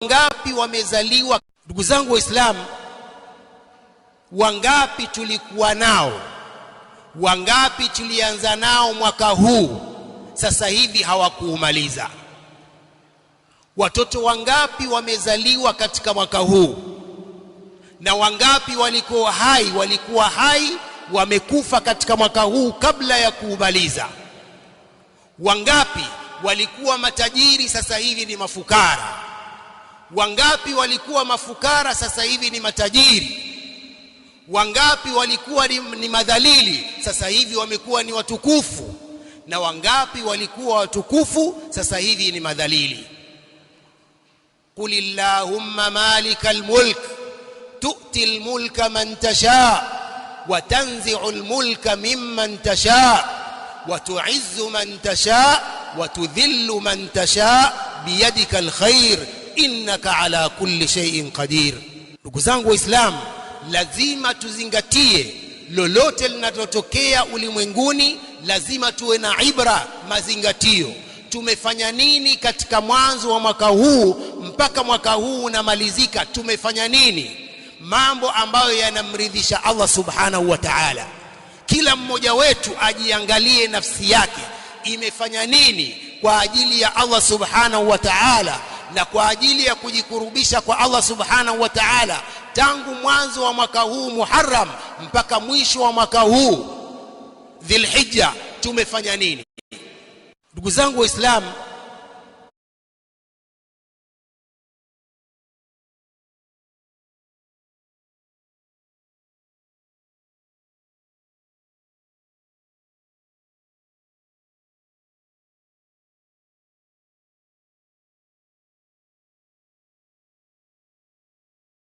Wangapi wamezaliwa? Ndugu zangu Waislamu, wangapi tulikuwa nao? Wangapi tulianza nao mwaka huu, sasa hivi hawakuumaliza? Watoto wangapi wamezaliwa katika mwaka huu, na wangapi walikuwa hai, walikuwa hai wamekufa katika mwaka huu kabla ya kuumaliza? Wangapi walikuwa matajiri, sasa hivi ni mafukara? wangapi walikuwa mafukara sasa hivi ni matajiri wangapi walikuwa ni, ni madhalili sasa hivi wamekuwa ni watukufu na wangapi walikuwa watukufu sasa hivi ni madhalili qulillahumma malikal mulk tu'ti al mulka man tasha wa tanzi'u al mulka mimman tasha wa tu'izzu man tasha wa tudhillu man tasha biyadika al khair innaka ala kulli shay'in qadir ndugu zangu waislamu lazima tuzingatie lolote linalotokea ulimwenguni lazima tuwe na ibra mazingatio tumefanya nini katika mwanzo wa mwaka huu mpaka mwaka huu unamalizika tumefanya nini mambo ambayo yanamridhisha Allah subhanahu wa ta'ala kila mmoja wetu ajiangalie nafsi yake imefanya nini kwa ajili ya Allah subhanahu wa ta'ala na kwa ajili ya kujikurubisha kwa Allah subhanahu wa ta'ala tangu mwanzo wa mwaka huu Muharram mpaka mwisho wa mwaka huu Dhilhijja tumefanya nini ndugu zangu waislamu